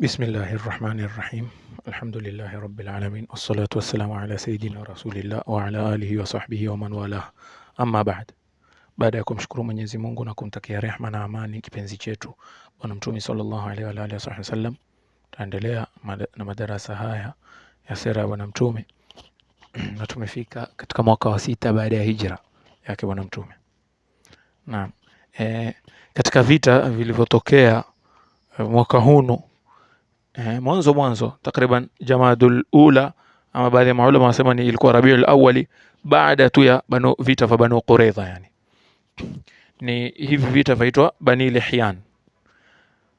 Bismillahi rahmani rahim, alhamdulillahi rabbil alamin, wassalatu wassalamu ala sayidina rasulillah wa ala alihi wa sahbihi wa man walah, amma ba'd. Baada ya kumshukuru Mwenyezi Mungu na kumtakia rehma na amani kipenzi chetu Bwana Mtume sallallahu alaihi wa alihi wasallam, tutaendelea na madarasa haya ya sera ya Bwana Mtume na tumefika katika mwaka wa sita baada ya hijra yake Bwana Mtume. Naam, e, katika vita vilivyotokea eh, mwaka huu mwanzo mwanzo takriban jamadul ula ama baadhi ya maulama wanasema ni ilikuwa rabiul awali baada tu ya banu vita vya banu quraidha yani ni hivi vita vaitwa bani lihyan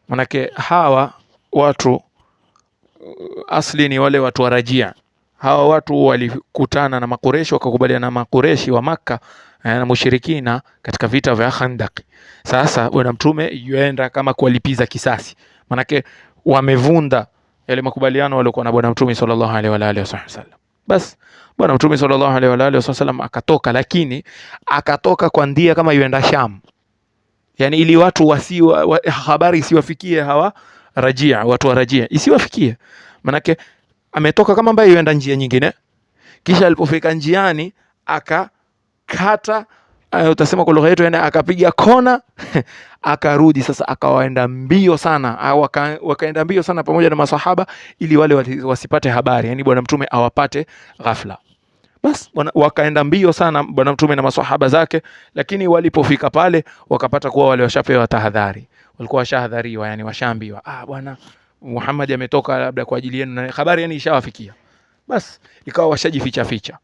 manake hawa watu asli ni wale watu warajia hawa watu walikutana na makureshi wakakubaliana na makureshi wa Makka eh, na mushirikina katika vita vya Khandaki. Sasa bwana mtume yuenda kama kuwalipiza kisasi, manake wamevunda yale makubaliano waliokuwa na bwana mtume sallallahu alaihi wa alihi wasallam. Basi bwana mtume sallallahu alaihi wa alihi wasallam akatoka, lakini akatoka kwa ndia kama yuenda Sham, yani ili watu wasi wa, habari isiwafikie hawa rajia, watu wa rajia isiwafikie, manake ametoka kama ambaye yuenda njia nyingine, kisha alipofika njiani akakata uh, utasema kwa lugha yetu yani akapiga kona akarudi sasa, akawaenda mbio sana au waka, wakaenda mbio sana pamoja na masahaba ili wale wasipate habari, yani bwana mtume awapate ghafla. Bas wana, wakaenda mbio sana bwana mtume na masahaba zake, lakini walipofika pale wakapata kuwa wale washapewa tahadhari, walikuwa washahadhariwa, yani washaambiwa, ah, bwana Muhammad ametoka labda kwa ajili yenu, na habari yani ishawafikia. Bas ikawa washajificha ficha, ficha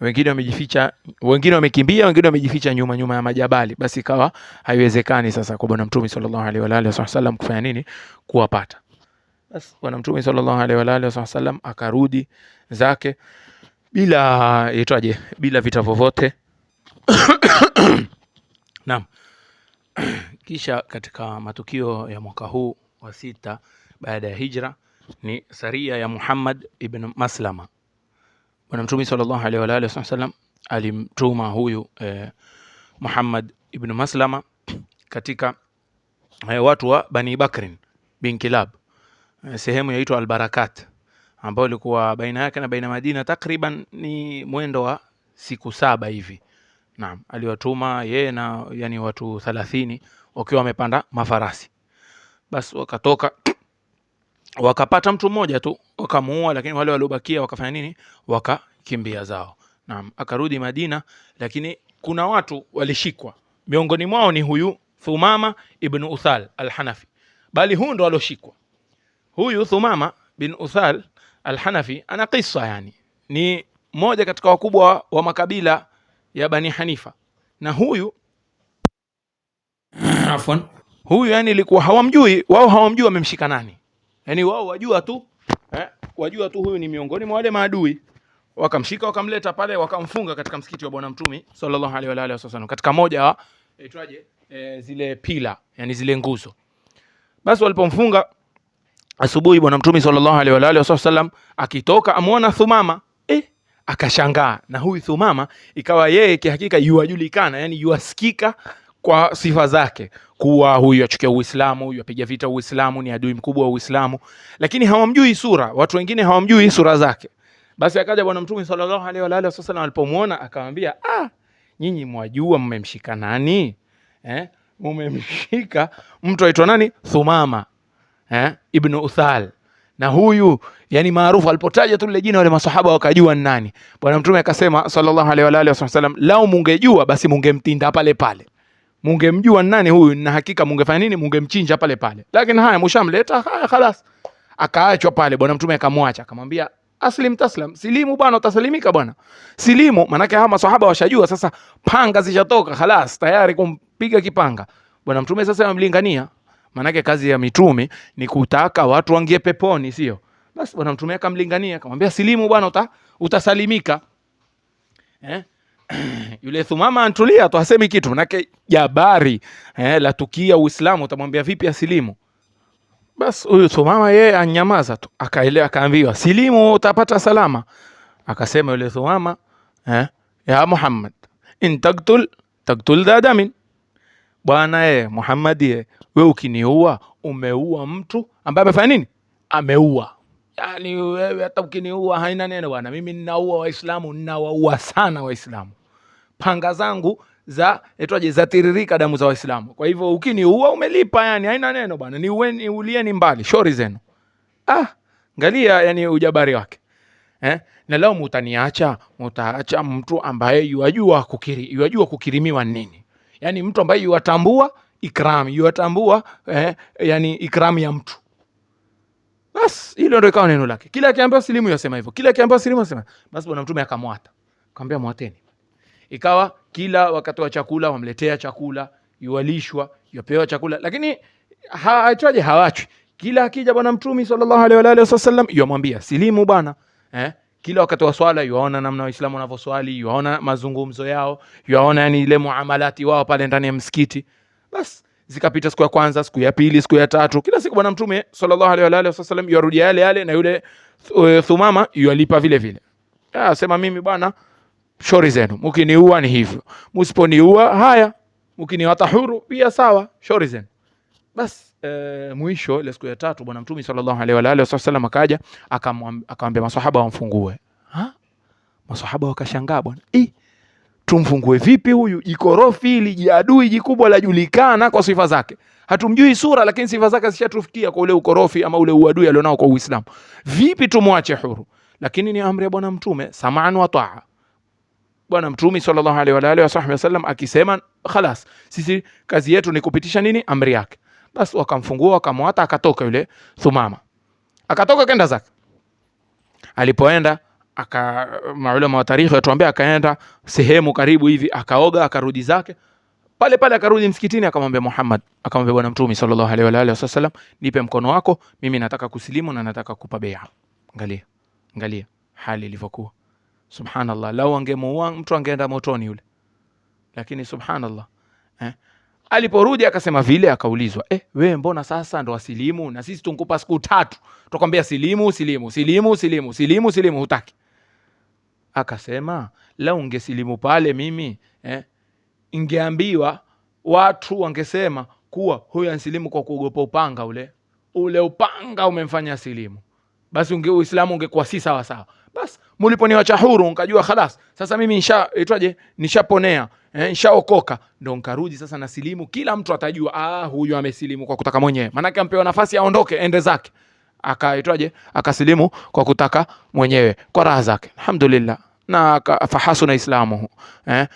wengine wamejificha, wengine wamekimbia, wengine wamejificha nyuma nyuma ya majabali. Basi ikawa haiwezekani sasa kwa bwana mtume sallallahu alaihi wa alihi wasallam kufanya nini, kuwapata. Basi bwana mtume sallallahu alaihi wa alihi wasallam akarudi zake bila itwaje, bila vita vovote naam. Kisha katika matukio ya mwaka huu wa sita baada ya hijra ni saria ya Muhammad ibn Maslama Bwana Mtume sallallahu alaihi wa alihi wasallam alimtuma huyu eh, Muhammad ibn Maslama katika eh, watu wa Bani Bakrin bin Kilab eh, sehemu yaitwa Albarakat ambayo ilikuwa baina yake na baina Madina takriban ni mwendo wa siku saba hivi. Naam, aliwatuma yeye na yani watu thalathini wakiwa wamepanda mafarasi, bas wakatoka wakapata mtu mmoja tu wakamuua, lakini wale waliobakia wakafanya nini? Wakakimbia zao. Naam, akarudi Madina, lakini kuna watu walishikwa, miongoni mwao ni huyu Thumama ibn Uthal al-Hanafi, bali huyu ndo alioshikwa. Huyu Thumama bin Uthal al-Hanafi ana kisa, yani ni mmoja katika wakubwa wa makabila ya Bani Hanifa, na huyu afwan, huyu yani ilikuwa hawamjui wao, hawamjui wamemshika nani Yaani wao wajua tu eh, wajua tu huyu ni miongoni mwa wale maadui, wakamshika wakamleta pale wakamfunga katika msikiti wa Bwana mtumi sallallahu alaihi wa alihi wasallam katika moja aitwaje, e, eh, zile pila, yani zile nguzo. Basi walipomfunga asubuhi, Bwana mtumi sallallahu alaihi wa alihi wasallam akitoka amuona Thumama eh, akashangaa. Na huyu Thumama ikawa yeye kihakika yuwajulikana yani yuasikika kwa sifa zake kuwa huyu achukia Uislamu, huyu apiga vita Uislamu, ni adui mkubwa wa Uislamu, lakini hawamjui sura. Watu wengine hawamjui sura zake. Basi akaja Bwana Mtume sallallahu alaihi wa alihi wasallam, alipomuona akamwambia, ah, nyinyi mwajua mmemshika nani eh? Mmemshika mtu aitwa nani? Thumama eh? Ibn Uthal na huyu yani maarufu. Alipotaja tu lile jina, wale masahaba wakajua ni nani. Bwana Mtume akasema sallallahu alaihi wa alihi wasallam, lau mungejua basi mungemtinda pale pale mungemjua nani huyu na hakika mungefanya nini? Mungemchinja pale pale. Lakini haya mshamleta, haya khalas, akaachwa pale. Bwana Mtume akamwacha akamwambia aslim taslam, silimu bwana, utasalimika bwana, silimu. manake hawa maswahaba washajua sasa, panga zishatoka, khalas, tayari kumpiga kipanga. Bwana Mtume sasa amlingania, manake kazi ya mitume ni kutaka watu waingie peponi, sio basi. Bwana Mtume akamlingania akamwambia, silimu bwana, uta, utasalimika eh? yule Thumama antulia tu hasemi kitu, manake jabari eh, la tukia Uislamu utamwambia vipi asilimu? Bas huyu Thumama yeye anyamaza tu, akaelewa akaambiwa, silimu utapata salama. Akasema yule Thumama eh, ya Muhammad in taktul taktul da damin, bwana eh Muhammad ye eh, we ukiniua umeua mtu ambaye amefanya nini, ameua Yani wewe hata ukiniua haina neno bwana, mimi ninaua Waislamu, ninawaua sana Waislamu panga zangu za etwaje zatiririka damu za Waislamu. Kwa hivyo ukiniua umelipa, yani haina neno bwana, ni ueni ulieni mbali shori zenu. Ah, ngalia yani ujabari wake eh? Na lao mutaniacha, mutaacha mtu ambaye yuajua kukiri, yuajua kukirimiwa nini, yani mtu ambaye yuatambua ikram, yuatambua eh, yani ikram ya mtu bas. Hilo ndio ikawa neno lake, kila akiambiwa silimu yasema hivyo, kila akiambiwa silimu yasema bas. Bwana Mtume akamwata, akamwambia mwateni ikawa kila wakati wa chakula wamletea chakula, yualishwa yapewa chakula, lakini haachaje hawachwi. Kila akija bwana mtumi sallallahu alaihi wa alihi wasallam yamwambia silimu bwana eh? Kila wakati wa swala yuwaona namna Waislamu wanavyoswali, yuwaona mazungumzo yao, yuwaona yani ile muamalati wao pale ndani ya msikiti. Bas zikapita siku ya kwanza, siku ya pili, siku ya tatu, kila siku bwana Mtume sallallahu alaihi wa alihi wasallam yarudia yale yale, na yule eh, Thumama yualipa vile vile. Asema ah, mimi bwana shori zenu, mkiniua ni hivyo, msiponiua haya, mkiniwata huru pia sawa, shori zenu basi. E, eh, mwisho ile siku ya tatu Bwana Mtume sallallahu alaihi wa alihi wasallam akaja akamwambia maswahaba wamfungue. Ha, maswahaba wakashangaa, bwana eh, tumfungue vipi huyu? Jikorofi ili jiadui jikubwa lajulikana kwa sifa zake, hatumjui sura, lakini sifa zake zishatufikia kwa ule ukorofi ama ule uadui alionao kwa Uislamu. Vipi tumwache huru? Lakini ni amri ya Bwana Mtume, samaan wa taa Bwana mtumi sallallahu alaihi wa alihi wasallam wasallam akisema khalas, sisi kazi yetu ni kupitisha nini amri yake, basi wakamfungua wakamwata, akatoka yule Thumama, akatoka kenda zake. Alipoenda aka maulama wa tarikhi watuambia, akaenda sehemu karibu hivi, akaoga, akarudi zake pale pale akarudi msikitini, akamwambia Muhammad, akamwambia bwana mtume sallallahu alaihi wa alihi wasallam, nipe mkono wako, mimi nataka kusilimu na nataka kupa bai'a. Angalia, angalia hali ilivyokuwa subhanallah lau angemuua mtu angeenda motoni yule lakini subhanallah eh? aliporudi akasema vile akaulizwa eh, we mbona sasa ndo asilimu na sisi tunkupa siku tatu tukwambia silimu silimu silimu silimu silimu silimu hutaki akasema lau ngesilimu pale mimi eh, ngeambiwa watu wangesema kuwa huyo ansilimu kwa kuogopa upanga ule ule upanga umemfanya silimu basi unge Uislamu ungekuwa si sawa sawa. Basi mliponiwacha huru nkajua khalas, sasa mimi nisha itwaje, nishaponea eh, nishaokoka, ndo nkarudi sasa na silimu. Kila mtu atajua, ah, huyu amesilimu kwa kutaka mwenyewe, maanake ampewa nafasi aondoke, ende zake, akaitwaje, akasilimu kwa kutaka mwenyewe, kwa raha zake, alhamdulillah na na islamu eh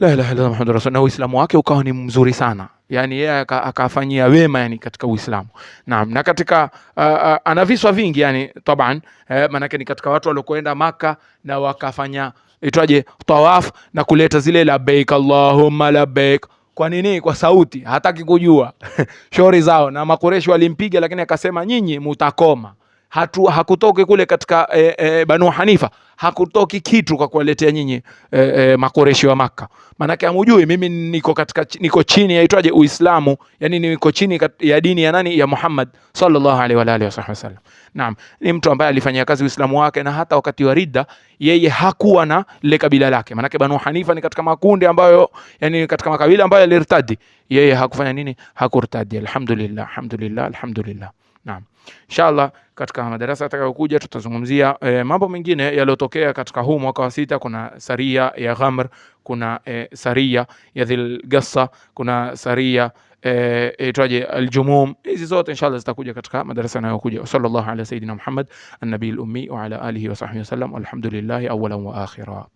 la ilaha illallah muhammadu rasul, na Uislamu wake ukawa ni mzuri sana yani yeye akafanyia wema yani katika Uislamu. Naam, na katika uh, uh, ana viswa vingi yani taban eh, maanake ni katika watu waliokwenda Maka na wakafanya itwaje tawaf na kuleta zile labbaik allahumma labbaik kwa nini? Kwa sauti, hataki kujua shauri zao. Na makureshi walimpiga, lakini akasema nyinyi mutakoma hatu, hakutoki kule katika e, e, Banu Hanifa hakutoki kitu kwa kuwaletea nyinyi e, e, makoreshi wa Maka. Maanake amujui mimi niko katika niko chini yaitwaje Uislamu, yani niko chini kat, ya dini ya nani? Ya Muhammad sallallahu alaihi wa alihi wasallam. Naam, ni mtu ambaye alifanyia kazi Uislamu wake, na hata wakati wa ridda yeye hakuwa na ile kabila lake. Maanake Banu Hanifa ni katika makundi ambayo, yani katika makabila ambayo alirtadi, yeye hakufanya nini? Hakurtadi. Alhamdulillah, alhamdulillah, alhamdulillah. Naam. Inshallah katika madarasa yatakayokuja tutazungumzia e, mambo mengine yaliyotokea katika huu mwaka wa sita. Kuna saria ya Ghamr, kuna e, saria ya Dhilgassa, kuna saria eh, itwaje e, Aljumum. Hizi zote inshallah zitakuja katika madarasa yanayokuja. Wa sallallahu ala sayidina Muhammad an-nabiyil ummi wa ala alihi wa sahbihi wasallam, walhamdulillahi awwalan wa akhira.